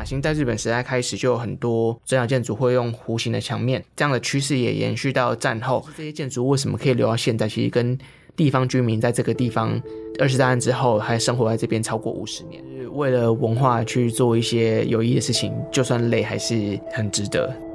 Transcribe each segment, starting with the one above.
馬星在日本時代開始就有很多轉角建築會用弧形的牆面，這樣的趨勢也延續到戰後。這些建築為什麼可以留到現在？其實跟地方居民在這個地方二次大戰之後還生活在這邊超過五十年，就是、為了文化去做一些有意義的事情，就算累還是很值得。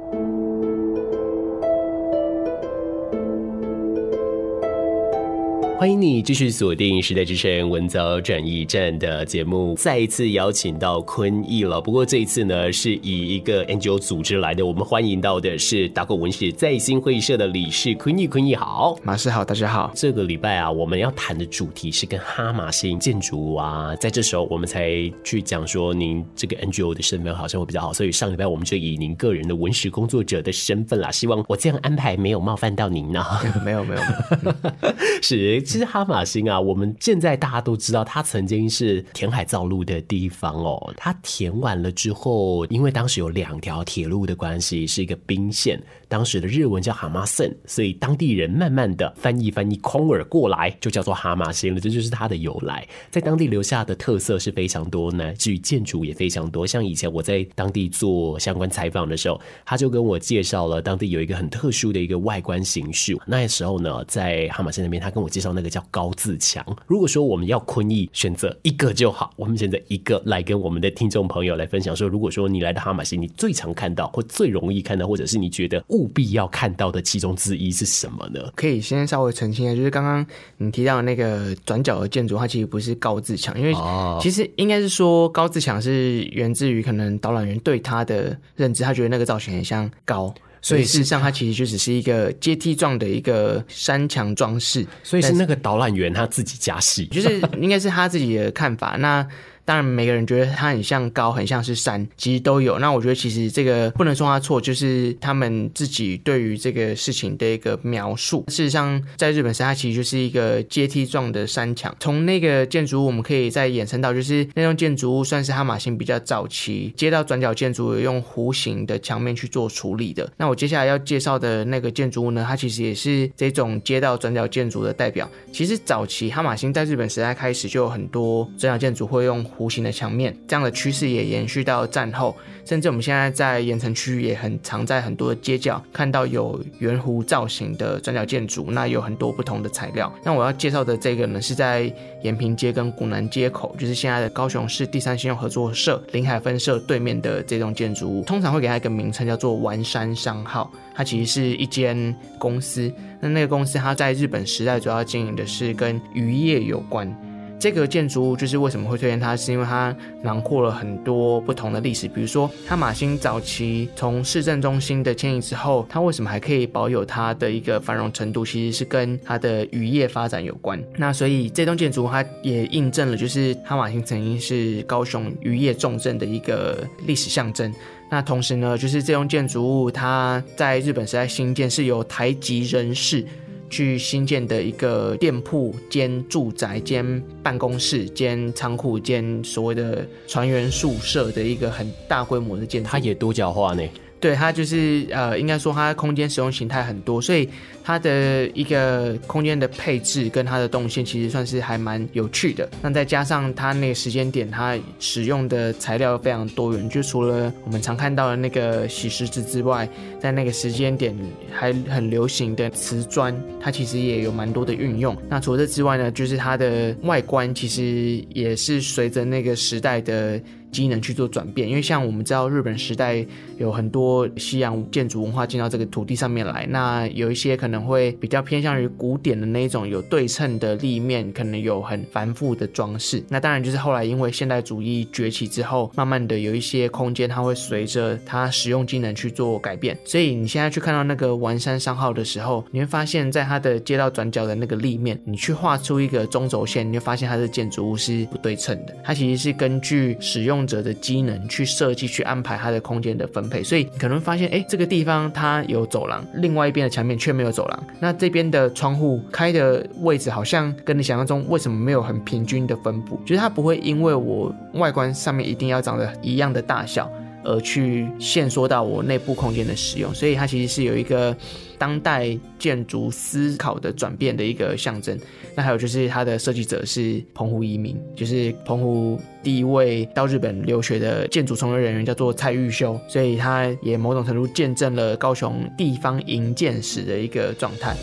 歡迎你繼續鎖定《時代之聲》文藻轉驛站的節目，再一次邀請到坤毅了。不過這一次呢，是以一個 NGO 組織來的。我們歡迎到的是打狗文史再興會社的理事坤毅。坤毅好，馬師好，大家好。這個禮拜啊，我們要談的主題是跟哈馬星建築啊，在這時候我們才去講說您這個 NGO 的身份好像會比較好。所以上禮拜我們就以您個人的文史工作者的身份啦。希望我這樣安排沒有冒犯到您呢、啊？沒有，沒有，沒有嗯、 是。其實哈馬星啊，我們現在大家都知道，它曾經是填海造陸的地方哦。它填完了之後，因為當時有兩條鐵路的關係，是一個濱線，當時的日文叫哈馬森，所以當地人慢慢的翻譯翻譯空耳過來，就叫做哈馬星了。這就是它的由來，在當地留下的特色是非常多呢。至於建築也非常多，像以前我在當地做相關採訪的時候，他就跟我介紹了當地有一個很特殊的一個外觀形式。那時候呢，在哈馬森那邊，他跟我介紹。那個叫高字強。如果說我們要坤毅選擇一個就好，我們選擇一個來跟我們的聽眾朋友來分享說，如果說你來到哈瑪星，你最常看到或最容易看到，或者是你覺得務必要看到的其中之一是什麼呢？可以先稍微澄清一下，就是剛剛你提到的那個轉角的建築，它其實不是高字強，因為其實應該是說，高字強是源自於可能導覽員對他的認知，他覺得那個造型很像高。所以事實上，它其實就只是一個階梯狀的一個山牆裝飾。所以是那個導覽員他自己加戲，就是應該是他自己的看法。 那。當然，每個人覺得它很像高，很像是山，其實都有。那我覺得其實這個不能說它錯，就是他們自己對於這個事情的一個描述。事實上，在日本時代，它其實就是一個階梯狀的山牆。從那個建築物，我們可以再衍生到，就是那棟建築物算是哈馬星比較早期街道轉角建築有用弧形的牆面去做處理的。那我接下來要介紹的那個建築物呢，它其實也是這種街道轉角建築的代表。其實早期哈馬星在日本時代開始就有很多轉角建築會用弧形的牆面。弧形的牆面，這樣的趨勢也延續到戰後，甚至我們現在在鹽埕區也很常在很多的街角看到有圓弧造型的轉角建築，那有很多不同的材料。那我要介紹的這個呢，是在延平街跟古南街口，就是現在的高雄市第三信用合作社臨海分社對面的這棟建築物，通常會給它一個名稱叫做“丸山商號”，它其實是一間公司。那那個公司它在日本時代主要經營的是跟漁業有關。這個建築物就是為什麼會推薦它，是因為它囊括了很多不同的歷史，比如說，哈馬星早期從市政中心的遷移之後，它為什麼還可以保有它的一個繁榮程度，其實是跟它的漁業發展有關。那所以這棟建築物它也印證了，就是哈馬星曾經是高雄漁業重鎮的一個歷史象徵。那同時呢，就是這棟建築物它在日本時代興建是由台籍人士去新建的一個店鋪兼住宅兼辦公室兼倉庫兼所謂的船員宿舍的一個很大規模的建築，它也多角化呢。對，它就是呃，應該說它空間使用形態很多，所以。它的一個空間的配置跟它的動線其實算是還蠻有趣的。那再加上它那個時間點，它使用的材料非常多元，就除了我們常看到的那個洗石子之外，在那個時間點還很流行的瓷磚，它其實也有蠻多的運用。那除了這之外呢，就是它的外觀其實也是隨着那個時代的機能去做轉變。因為像我們知道，日本時代有很多西洋建築文化進到這個土地上面來，那有一些可能。會比較偏向於古典的那一種，有對稱的立面，可能有很繁複的裝飾。那當然就是後來因為現代主義崛起之後，慢慢的有一些空間，它會隨着它使用機能去做改變。所以你現在去看到那個完山商號的時候，你會發現在它的街道轉角的那個立面，你去畫出一個中軸線，你會發現它的建築物是不對稱的。它其實是根據使用者的機能去設計、去安排它的空間的分配。所以你可能會發現，哎，這個地方它有走廊，另外一邊的牆面卻沒有走。那這邊的窗戶開的位置好像跟你想象中，為什麼沒有很平均的分布？就是它不會因為我外觀上面一定要長得一樣的大小。而去限縮到我內部空間的使用，所以它其實是有一個當代建築思考的轉變的一個象徵。那還有就是它的設計者是澎湖移民，就是澎湖第一位到日本留學的建築從業人員，叫做蔡玉修，所以他也某種程度見證了高雄地方營建史的一個狀態。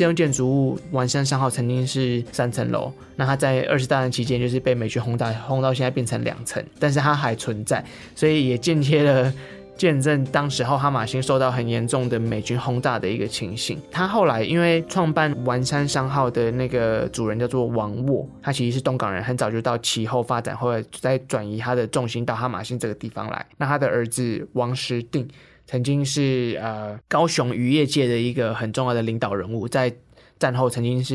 這棟建築物丸山商號曾經是三層樓，那它在二次大戰期間就是被美軍轟炸，轟到現在變成兩層，但是它還存在，所以也間接的見證當時候哈瑪星受到很嚴重的美軍轟炸的一個情形。他後來因為創辦丸山商號的那個主人叫做王沃，他其實是東港人，很早就到旗後發展，後來再轉移他的重心到哈瑪星這個地方來。那他的兒子王石定。曾經是呃高雄漁業界的一個很重要的領導人物，在戰後曾經是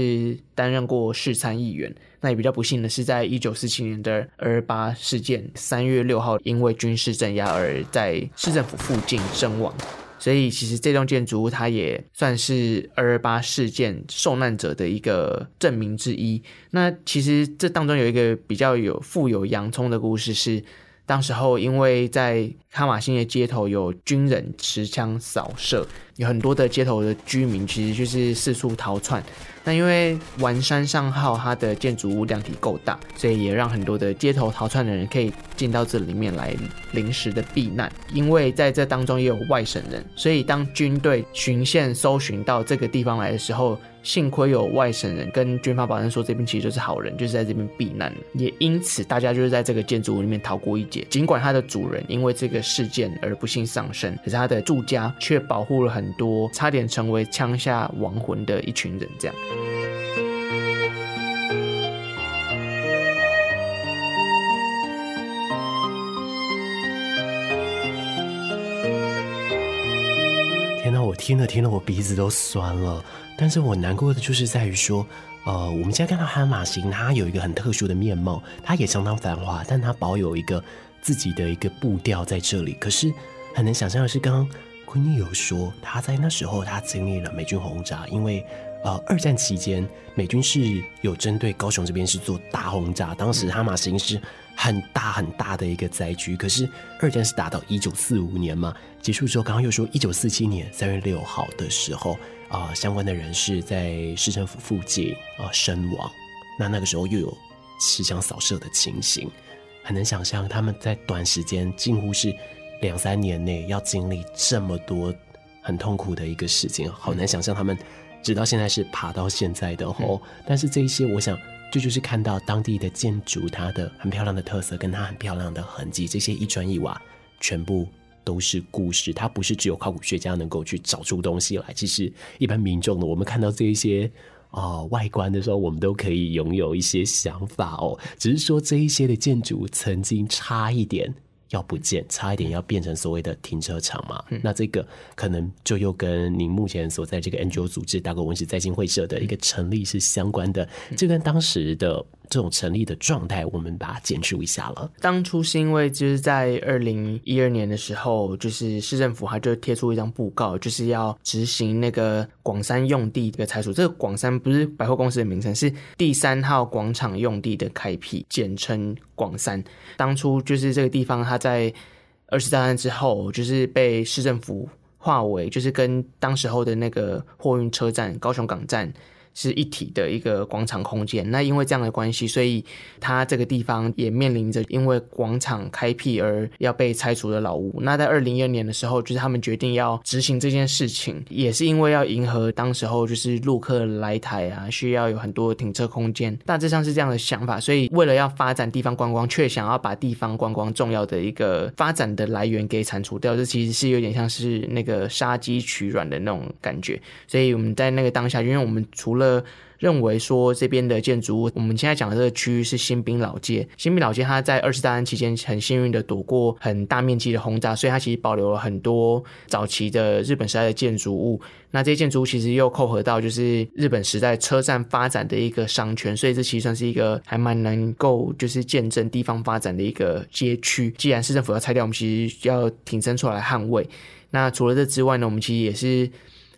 擔任過市參議員。那也比較不幸的是，在一九四七年的二二八事件三月六號，因為軍事鎮壓而在市政府附近身亡。所以其實這棟建築物它也算是二二八事件受難者的一個證明之一。那其實這當中有一個比較有富有洋蔥的故事是。當時候，因為在哈瑪星的街頭有軍人持槍掃射，有很多的街頭的居民其實就是四處逃竄。那因為丸山上號它的建築物量體夠大，所以也讓很多的街頭逃竄的人可以進到這裡面來臨時的避難。因為在這當中也有外省人，所以當軍隊巡線搜尋到這個地方來的時候，幸虧有外省人跟軍方保證說，這邊其實就是好人，就是在這邊避難了。也因此，大家就是在這個建築物裡面逃過一劫。儘管他的主人因為這個事件而不幸喪生，可是他的住家却保護了很多差點成為槍下亡魂的一群人，這樣。聽了聽了，我鼻子都酸了。但是我難過的就是在於說，呃，我們現在看到哈瑪星，它有一個很特殊的面貌，它也相當繁華，但它保有一個自己的一個步調在這裡。可是，很能想象的是，剛剛坤毅有說，她在那時候她經歷了美軍轟炸，因為呃二戰期間美軍是有針對高雄這邊是做大轟炸，當時哈瑪星是。很大很大的一個災區，可是二戰是打到一九四五年嘛，結束之後，剛剛又說一九四七年三月六號的時候，啊、呃，相關的人士在市政府附近啊、呃、身亡，那那個時候又有持槍掃射的情形，很難想象他們在短時間，近乎是兩三年內要經歷這麼多很痛苦的一個事情，好難想象他們直到現在是爬到現在的哦，嗯、但是這一些我想，這就，就是看到當地的建築，它的很漂亮的特色，跟它很漂亮的痕跡，這些一磚一瓦，全部都是故事。它不是只有考古學家能夠去找出東西來，其實一般民眾的，我們看到這一些、哦、外觀的時候，我們都可以擁有一些想法哦。只是說這一些的建築曾經差一點。要不見，差一點要變成所謂的停車場嘛、嗯？那這個可能就又跟您目前所在這個 NGO 組織——打狗文史再興會社的一個成立是相關的，嗯、就跟當時的。這種成立的狀態，我們把它簡述一下了。當初是因為就是在二零一二年的時候，就是市政府它就貼出一張布告，就是要執行那個廣三用地的拆除。這個廣三不是百貨公司的名稱，是第三號廣場用地的開闢，簡稱廣三。當初就是這個地方，它在二十三案之後，就是被市政府劃為，就是跟當時候的那個貨運車站高雄港站，是一體的一個廣場空間，那因為這樣的關係，所以它這個地方也面臨着因為廣場開闢而要被拆除的老屋。那在二零一二年的時候，就是他們決定要執行這件事情，也是因為要迎合當時候就是陸客來台啊，需要有很多停車空間，大致上是這樣的想法。所以為了要發展地方觀光，卻想要把地方觀光重要的一個發展的來源給鏟除掉，這其實是有點像是那個殺雞取卵的那種感覺。所以我們在那個當下，因為我們除了呃，認為說這邊的建築物，我們現在講的這個區域是新濱老街。新濱老街它在二戰期間很幸運的躲過很大面積的轟炸，所以它其實保留了很多早期的日本時代的建築物。那這些建築物其實又扣合到就是日本時代車站發展的一個商圈，所以這其實算是一個還蠻能夠就是見證地方發展的一個街區。既然市政府要拆掉，我們其實要挺身出來捍衛。那除了這之外呢，我們其實也是。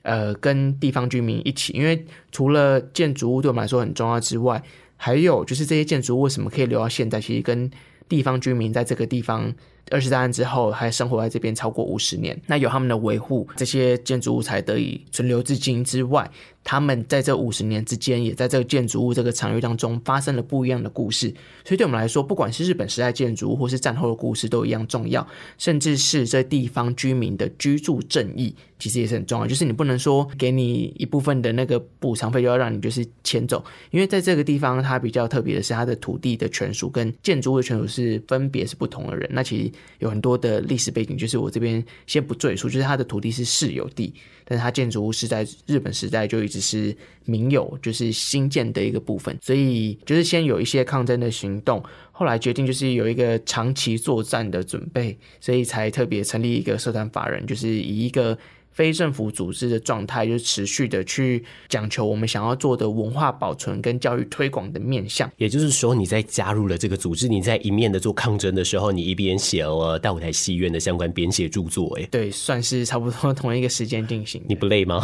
呃，跟地方居民一起，因為除了建築物對我們來說很重要之外，還有就是這些建築物為什麼可以留到現在，其實跟地方居民在這個地方。二戰之後還生活在這邊超過五十年，那有他們的維護，這些建築物才得以存留至今之外，他們在這五十年之間，也在這個建築物這個場域當中發生了不一樣的故事。所以，對我們來說，不管是日本時代建築，或是戰後的故事，都一樣重要。甚至是這地方居民的居住正義，其實也是很重要。就是你不能說給你一部分的那個補償費，就要讓你就是遷走，因為在這個地方，它比較特別的是，它的土地的權屬跟建築物的權屬是分別是不同的人。那其實。有很多的歷史背景，就是我這邊先不贅述。就是他的土地是市有地，但是他建築物是在日本時代就一直是民有，就是新建的一個部分。所以就是先有一些抗爭的行動，後來決定就是有一個長期作戰的準備，所以才特別成立一個社團法人，就是以一個。非政府組織的狀態，就是、持續的去講求我們想要做的文化保存跟教育推廣的面向。也就是說，你在加入了這個組織，你在一面的做抗爭的時候，你一邊寫了大舞台戲院的相關編寫著作、欸。哎，對，算是差不多同一個時間定型。 你不累嗎？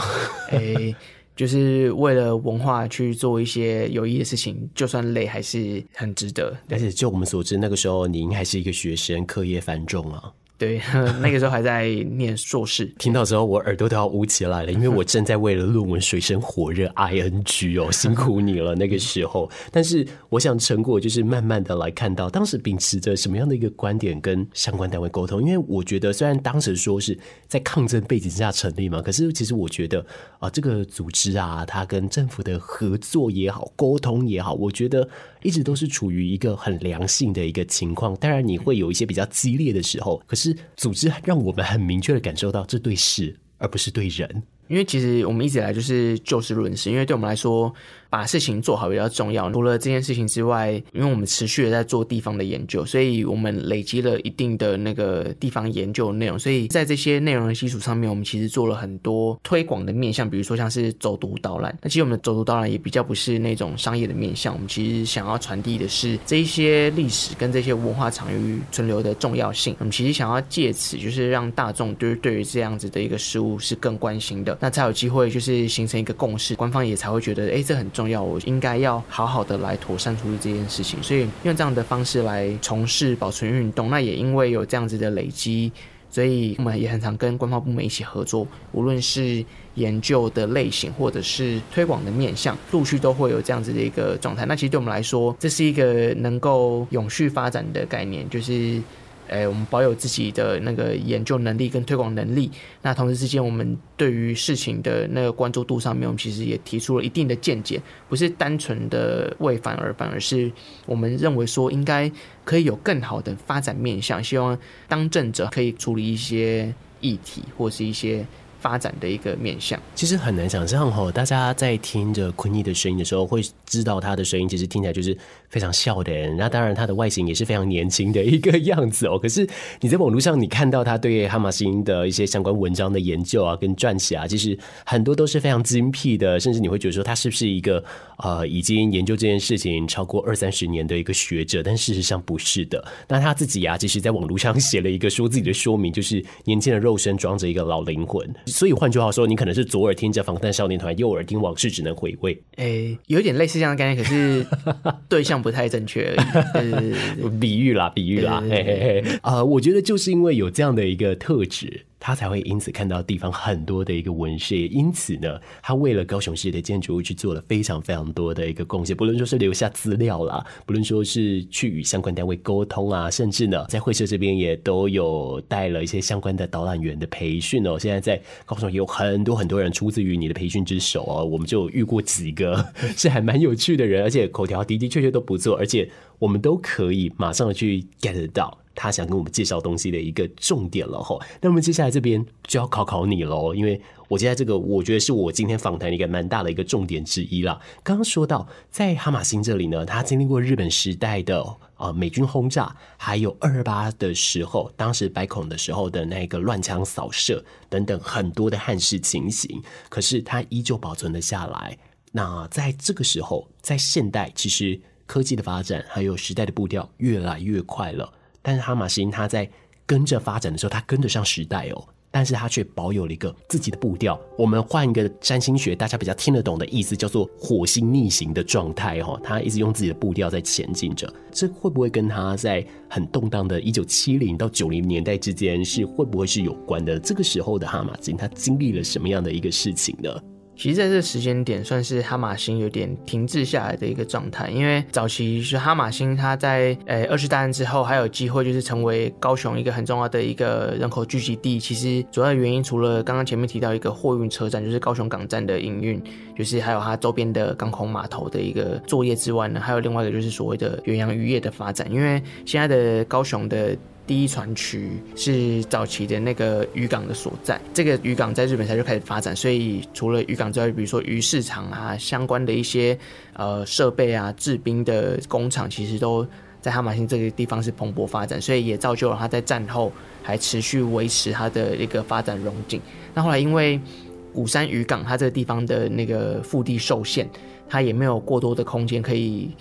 哎、 欸，就是為了文化去做一些有益的事情，就算累還是很值得。但是就我們所知，那個時候您還是一個學生，課業繁重啊。對，那個時候還在念碩士， 聽到之後我耳朵都要捂起來了，因為我正在為了論文水深火熱 ing 哦。辛苦你了那個時候。但是我想成果就是慢慢的來看到，當時秉持着什麼樣的一個觀點跟相關單位溝通？因為我覺得雖然當時說是在抗爭背景之下成立嘛，可是其實我覺得啊、呃，這個組織啊，它跟政府的合作也好，溝通也好，我覺得一直都是處於一個很良性的一個情況。當然你會有一些比較激烈的時候，可是。組織讓我們很明確的感受到，這對事而不是對人。因為其實我們一直以來就是就事論事，因為對我們來說。把事情做好比較重要。除了這件事情之外，因為我們持續的在做地方的研究，所以我們累積了一定的那個地方研究的內容。所以在這些內容的基礎上面，我們其實做了很多推廣的面向，比如說像是走讀導覽。那其實我們的走讀導覽也比較不是那種商業的面向，我們其實想要傳遞的是這一些歷史跟這些文化場域存留的重要性。我們其實想要借此就是讓大眾就是對於這樣子的一個事物是更關心的，那才有機會就是形成一個共識，官方也才會覺得，哎，這很重要。要我應該要好好的來妥善處理這件事情，所以用這樣的方式來從事保存運動。那也因為有這樣子的累積，所以我們也很常跟官方部門一起合作，無論是研究的類型或者是推廣的面向，陸續都會有這樣子的一個狀態。那其實對我們來說，這是一個能夠永續發展的概念，就是。誒、欸，我們保有自己的那個研究能力跟推廣能力。那同時之間，我們對於事情的那個關注度上面，我們其實也提出了一定的見解，不是單純的為反而反，而是我們認為說應該可以有更好的發展面向。希望當政者可以處理一些議題或是一些。發展的一個面向，其實很難想象哦。大家在聽着坤毅的聲音的時候，會知道他的聲音其實聽起來就是非常笑的人，那當然他的外形也是非常年輕的一個樣子哦。可是你在網絡上，你看到他對哈瑪星的一些相關文章的研究啊，跟撰寫啊，其實很多都是非常精闢的。甚至你會覺得說，他是不是一個呃，已經研究這件事情超過二三十年的一個學者？但事實上不是的。那他自己啊，其實在網絡上寫了一個說自己的說明，就是年輕的肉身裝着一個老靈魂。所以換句話說，你可能是左耳聽着防彈少年團，右耳聽往事只能回味。誒、欸，有點類似這樣的概念，可是對象不太正確而已 對對對對對。比喻啦，比喻啦。啊、欸呃，我覺得就是因為有這樣的一個特質。他才會因此看到地方很多的一個文學，因此呢，他為了高雄市的建築物去做了非常非常多的一個貢獻。不論說是留下資料啦，不論說是去與相關單位溝通啊，甚至呢，在會社這邊也都有帶了一些相關的導覽員的培訓哦。現在在高雄有很多很多人出自於你的培訓之手哦，我們就遇過幾個是還蠻有趣的人，而且口條的的確確都不錯，而且我們都可以馬上去 get 到。他想跟我們介紹東西的一個重點了吼，那我們接下來這邊就要考考你嘍，因為我覺得這個我覺得是我今天訪談一個蠻大的一個重點之一了。剛剛說到在哈馬星這裡呢，他經歷過日本時代的啊美軍轟炸，還有二二八的時候，當時白恐的時候的那個亂槍掃射等等很多的憾事情形，可是他依舊保存了下來。那在這個時候，在現代，其實科技的發展還有時代的步調越來越快了。但是哈瑪星他在跟着發展的時候，他跟得上時代哦、喔，但是他卻保有了一個自己的步調。我們換一個占星學，大家比較聽得懂的意思，叫做火星逆行的狀態哦。他一直用自己的步調在前進着，這會不會跟他在很動盪的1970到90年代之間是會不會是有關的？這個時候的哈瑪星他經歷了什麼樣的一個事情呢？其實在這個時間點，算是哈馬星有點停滯下來的一個狀態。因為早期是哈馬星，它在呃二次大戰之後還有機會，就是成為高雄一個很重要的一個人口聚集地。其實主要的原因，除了剛剛前面提到一個貨運車站，就是高雄港站的營運，就是還有它周邊的港口碼頭的一個作業之外呢，還有另外一個就是所謂的遠洋漁業的發展。因為現在的高雄的第一船渠是早期的那個漁港的所在，這個漁港在日本才就開始發展，所以除了漁港之外，比如說魚市場啊，相關的一些呃設備啊，製冰的工廠，其實都在哈馬星這個地方是蓬勃發展，所以也造就了它在戰後還持續維持它的一個發展榮景。那後來因為鼓山漁港它這個地方的那個腹地受限，它也沒有過多的空間可以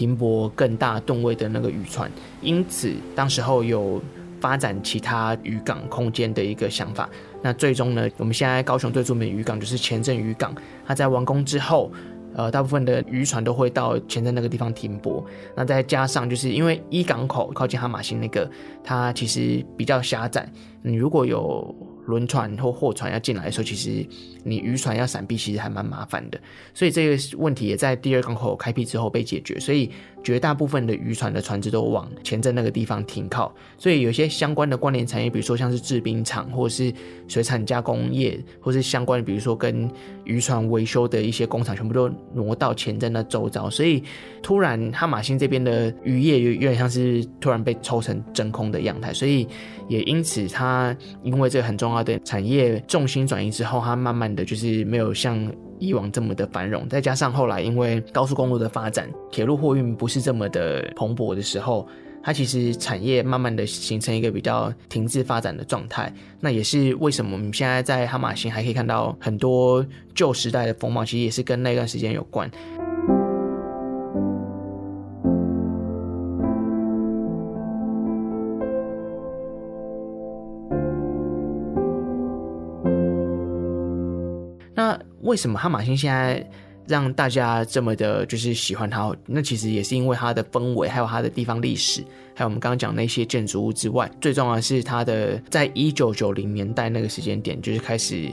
停泊更大噸位的那個漁船，因此當時候有發展其他漁港空間的一個想法。那最終呢，我們現在高雄最著名的漁港就是前鎮漁港。它在完工之後，呃，大部分的漁船都會到前鎮那個地方停泊。那再加上就是因為一、e、港口靠近哈馬星那個，它其實比較狹窄。你、嗯、如果有輪船或貨船要進來的時候，其實你漁船要閃避，其實還蠻麻煩的。所以這個問題也在第二港口開闢之後被解決。所以。絕大部分的漁船的船只都往前鎮那個地方停靠，所以有些相關的關聯產業，比如說像是製冰廠，或是水產加工業，或是相關比如說跟漁船維修的一些工廠，全部都挪到前鎮那周遭。所以，突然哈馬星這邊的漁業有有點像是突然被抽成真空的樣態，所以也因此它因為這個很重要的產業重心轉移之後，它慢慢的就是沒有像。以往這麼的繁榮，再加上後來因為高速公路的發展，鐵路貨運不是這麼的蓬勃的時候，它其實產業慢慢的形成一個比較停滯發展的狀態。那也是為什麼我們現在在哈瑪星還可以看到很多舊時代的風貌，其實也是跟那段時間有關。為什麼哈馬星現在讓大家這麼的，就是喜歡它？那其實也是因為它的氛圍，還有它的地方歷史，還有我們剛剛講那些建築物之外，最重要的是它的，在一九九零年代那個時間點，就是開始。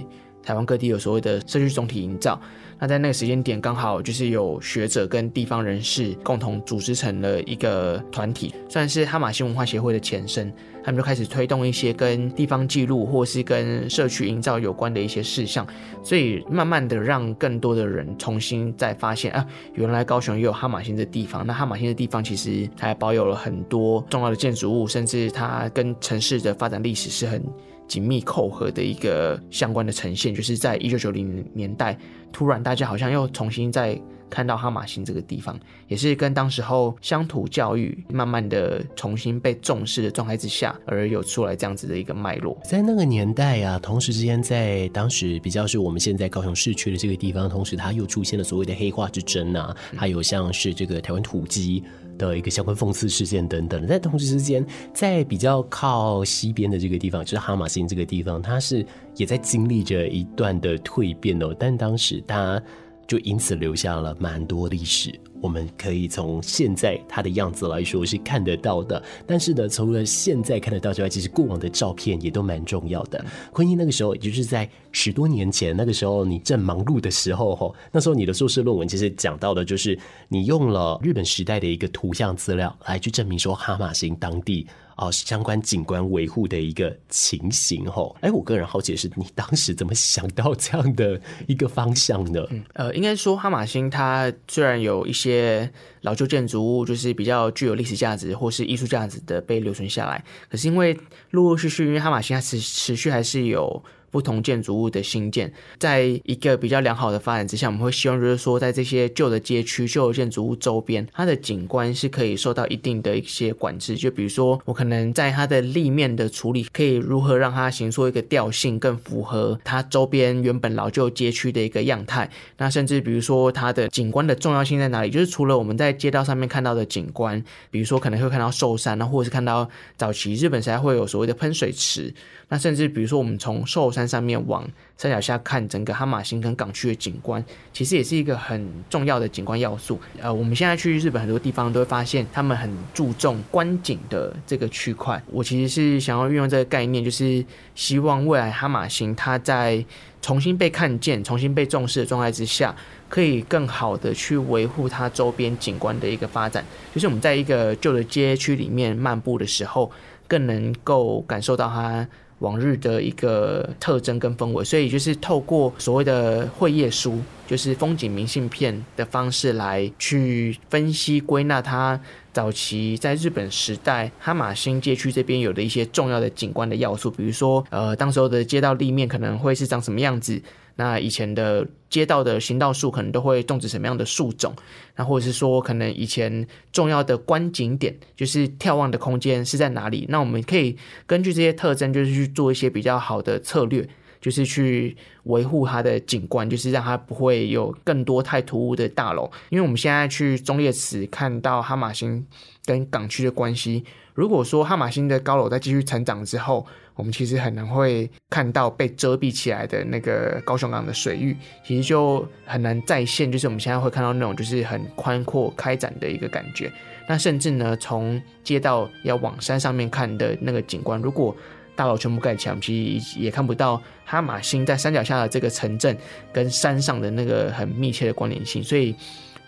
台灣各地有所謂的社區總體營造，那在那個時間點剛好就是有學者跟地方人士共同組織成了一個團體，算是哈馬星文化協會的前身。他們就開始推動一些跟地方記錄或是跟社區營造有關的一些事項，所以慢慢的讓更多的人重新再發現啊，原來高雄也有哈馬星的地方。那哈馬星的地方其實還保有了很多重要的建築物，甚至它跟城市的發展歷史是很。緊密扣合的一個相關的呈現，就是在一九九零年代，突然大家好像又重新再看到哈馬星這個地方，也是跟當時候鄉土教育慢慢的重新被重視的狀態之下，而有出來這樣子的一個脈絡。在那個年代啊，同時之間在當時比較是我們現在高雄市區的這個地方，同時它又出現了所謂的黑化之爭啊，還有像是這個台灣土雞。的一個相關諷刺事件等等，在同時之間，在比較靠西邊的這個地方，就是哈瑪星這個地方，它是也在經歷着一段的蛻變哦。但當時它就因此留下了蠻多歷史。我們可以從現在他的樣子來說是看得到的，但是呢，除了現在看得到之外，其實過往的照片也都蠻重要的。坤毅那個時候，也就是在十多年前那個時候，你正忙碌的時候，吼，那時候你的碩士論文其實講到的，就是你用了日本時代的一個圖像資料來去證明說哈馬星當地。哦，相關景觀維護的一個情形哦。哎、欸，我個人好奇是，你當時怎麼想到這樣的一個方向呢？嗯、呃，應該說，哈馬星它雖然有一些老舊建築物，就是比較具有歷史價值或是藝術價值的被留存下來，可是因為陸陸續續，因為哈馬星它持持續還是有。不同建築物的新建，在一個比較良好的發展之下，我們會希望就是說，在這些舊的街區、舊的建築物周邊，它的景觀是可以受到一定的一些管制。就比如說，我可能在它的立面的處理，可以如何讓它形成一個調性，更符合它周邊原本老舊街區的一個樣態。那甚至比如說，它的景觀的重要性在哪裡？就是除了我們在街道上面看到的景觀，比如說可能會看到壽山，那或者是看到早期日本時代會有所謂的噴水池。那甚至比如說，我們從壽山。上面往山腳下看，整個哈馬星跟港區的景觀，其實也是一個很重要的景觀要素。呃，我們現在去日本很多地方都會發現，他們很注重觀景的這個區塊。我其實是想要運用這個概念，就是希望未來哈馬星它在重新被看見、重新被重視的狀態之下，可以更好的去維護它周邊景觀的一個發展。就是我們在一個舊的街區裡面漫步的時候，更能夠感受到它。往日的一個特徵跟氛圍，所以就是透過所謂的繪葉書，就是風景明信片的方式來去分析歸納他早期在日本時代哈馬星街區這邊有的一些重要的景觀的要素，比如說，呃，當時候的街道立面可能會是長什麼樣子。那以前的街道的行道樹可能都會種植什麼樣的樹種，那或者是說可能以前重要的觀景點就是眺望的空間是在哪裡？那我們可以根據這些特徵，就是去做一些比較好的策略，就是去維護它的景觀，就是讓它不會有更多太突兀的大樓。因為我們現在去忠烈祠看到哈馬星跟港區的關係，如果說哈馬星的高樓在繼續成長之後，我們其實很難會看到被遮蔽起來的那個高雄港的水域，其實就很難再現。就是我們現在會看到那種就是很寬闊、開展的一個感覺。那甚至呢，從街道要往山上面看的那個景觀，如果大樓全部蓋起來，我們其實也看不到哈馬星在山腳下的這個城鎮跟山上的那個很密切的關聯性。所以，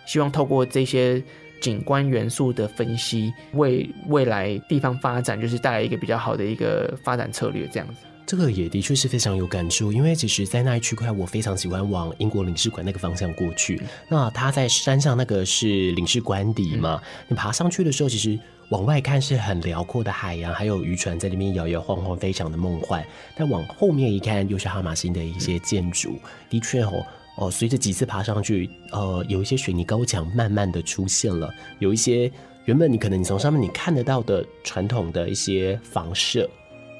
希望透過這些。景觀元素的分析，為未來地方發展就是帶來一個比較好的一個發展策略。這樣子，這個也的確是非常有感觸。因為其實，在那一區塊，我非常喜歡往英國領事館那個方向過去、嗯。那它在山上那個是領事官邸嘛、嗯，你爬上去的時候，其實往外看是很遼闊的海洋，還有漁船在裡面搖搖晃晃，非常的夢幻。但往後面一看，又是哈瑪星的一些建築、嗯。的確哦。哦，隨着幾次爬上去，呃，有一些水泥高牆慢慢的出現了，有一些原本你可能你從上面你看得到的傳統的一些房舍，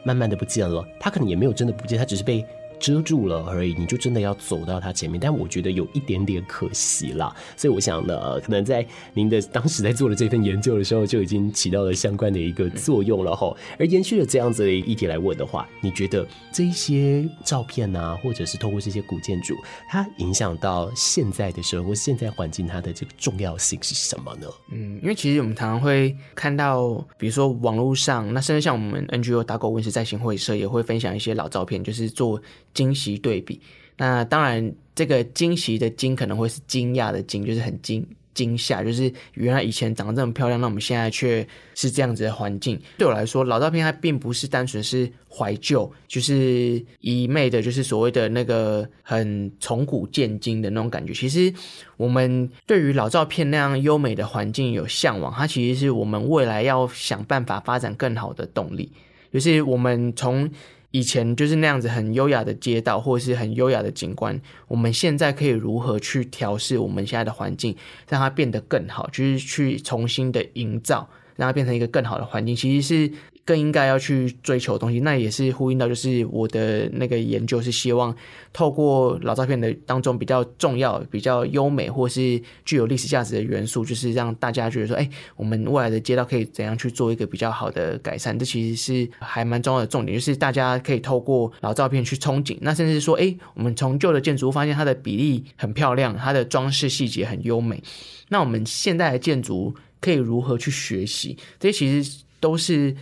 慢慢的不見了。它可能也沒有真的不見，它只是被。.遮住了而已，你就真的要走到他前面，但我覺得有一點點可惜啦，所以我想呢，可能在您的當時在做的這份研究的時候，就已經起到了相關的一個作用了吼，嗯、而延續了這樣子的議題來問的話，你覺得這些照片啊，或者是透過這些古建築，它影響到現在的時候或現在環境它的這個重要性是什麼呢？嗯，因為其實我們常常會看到，比如說網絡上，那甚至像我們 NGO 打狗文史再興會社也會分享一些老照片，就是做。驚喜對比，那當然，這個驚喜的驚可能會是驚訝的驚，就是很驚驚嚇，就是原來以前長得這麼漂亮，那我們現在卻是這樣子的環境。對我來說，老照片它並不是單純是懷舊，就是一味的，就是所謂的那個很從古見今的那種感覺。其實，我們對於老照片那樣優美的環境有向往，它其實是我們未來要想辦法發展更好的動力，就是我們從。以前就是那樣子很優雅的街道，或者是很優雅的景觀。我們現在可以如何去調適我們現在的環境，讓它變得更好？就是去重新的營造，讓它變成一個更好的環境。其實是。更應該要去追求的東西，那也是呼應到，就是我的那個研究是希望透過老照片的當中比較重要、比較優美或是具有歷史價值的元素，就是讓大家覺得說，欸，我們未來的街道可以怎樣去做一個比較好的改善？這其實是還蠻重要的重點，就是大家可以透過老照片去憧憬。那甚至說，欸，我們從舊的建築物發現它的比例很漂亮，它的裝飾細節很優美，那我們現代的建築可以如何去學習？這些其實都是。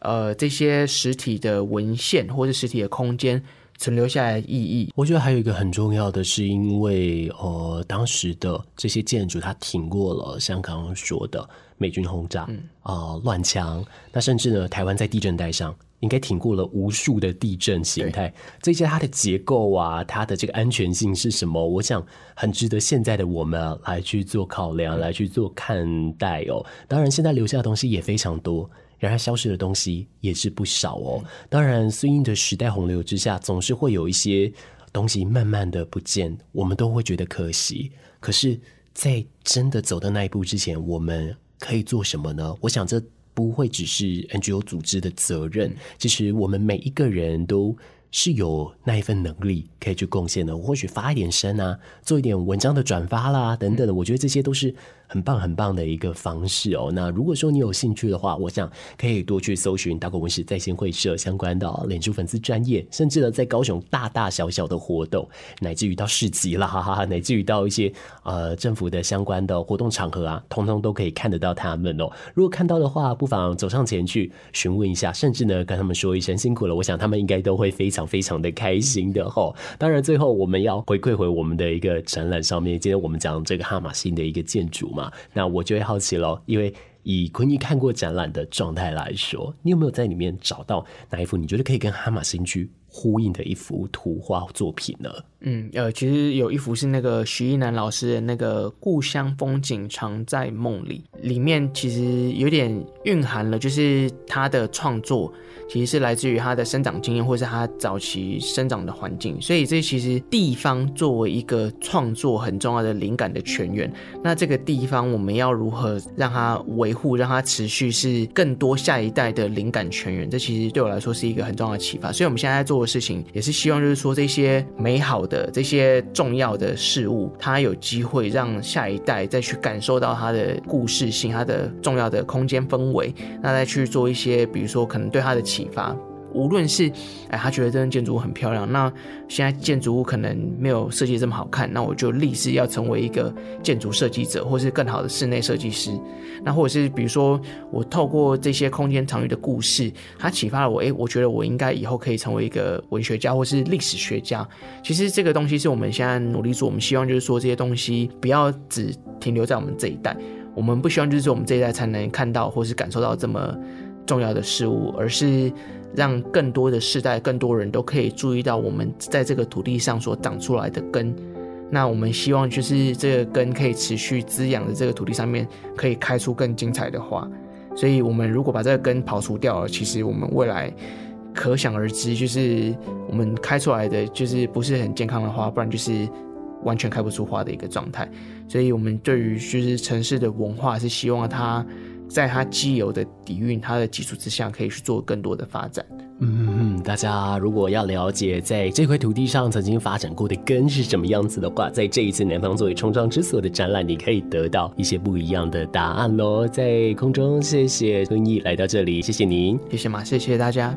呃，這些實體的文獻或者實體的空間存留下來的意義，我覺得還有一個很重要的是，因為呃，當時的這些建築它挺過了像剛剛說的美軍轟炸，嗯啊亂槍，那甚至呢，台灣在地震帶上應該挺過了無數的地震形態，這些它的結構啊，它的這個安全性是什麼？我想很值得現在的我們、啊、來去做考量，來去做看待哦。當然，現在留下的東西也非常多。然而消失的東西也是不少哦。當然，順應着時代洪流之下，總是會有一些東西慢慢的不見，我們都會覺得可惜。可是，在真的走到那一步之前，我們可以做什麼呢？我想，這不會只是 NGO 組織的責任，其實我們每一個人都是有那一份能力可以去貢獻的。或許發一點聲啊，做一點文章的轉發啦，等等的，我覺得這些都是。很棒很棒的一個方式哦。那如果說你有興趣的話，我想可以多去搜尋打狗文史再興會社相關的臉書粉絲專頁，甚至呢，在高雄大大小小的活動，乃至於到市集啦，呵呵，乃至於到一些呃政府的相關的活動場合啊，通通都可以看得到他們哦。如果看到的話，不妨走上前去詢問一下，甚至呢跟他們說一聲辛苦了。我想他們應該都會非常非常的開心的哦。當然，最後我們要回饋回我們的一個展覽上面，今天我們講這個哈瑪星的一個建築。嘛，那我就會好奇咯，因為以坤毅看過展覽的狀態來說，你有沒有在裡面找到哪一幅你覺得可以跟哈瑪星去呼應的一幅圖畫作品呢？嗯，呃，其實有一幅是那個徐一南老師的那個《故鄉風景常在夢裡》。裡面其實有點蘊含了，就是他的創作其實是來自於他的生長經驗，或是他早期生長的環境。所以這其實地方作為一個創作很重要的靈感的泉源。那這個地方我們要如何讓它維護，讓它持續是更多下一代的靈感泉源？這其實對我來說是一個很重要的啟發。所以我們現在在做的事情，也是希望就是說這些美好的、這些重要的事物，它有機會讓下一代再去感受到他的故事。形它的重要的空間氛圍，那再去做一些，比如說可能對它的啟發，無論是哎，他覺得這棟建築物很漂亮，那現在建築物可能沒有設計這麼好看，那我就立志要成為一個建築設計者，或是更好的室內設計師。那或者是比如說，我透過這些空間藏匿的故事，它啟發了我，哎，我覺得我應該以後可以成為一個文學家，或是歷史學家。其實這個東西是我們現在努力做，我們希望就是說這些東西不要只停留在我們這一代。我們不希望就是我們這一代才能看到或是感受到這麼重要的事物，而是讓更多的世代、更多人都可以注意到我們在這個土地上所長出來的根。那我們希望就是這個根可以持續滋養的這個土地上面，可以開出更精彩的花。所以，我們如果把這個根刨除掉了，其實我們未來可想而知，就是我們開出來的就是不是很健康的花，不然就是。完全開不出花的一個狀態，所以我們對於就是城市的文化是希望它在它既有的底蘊、它的基礎之下，可以去做更多的發展。嗯，大家如果要了解在這塊土地上曾經發展過的根是什麼樣子的話，在這一次南方作為衝撞之所的展覽，你可以得到一些不一樣的答案嘍。在空中，謝謝坤毅來到這裡，謝謝您，謝謝嘛，謝謝大家。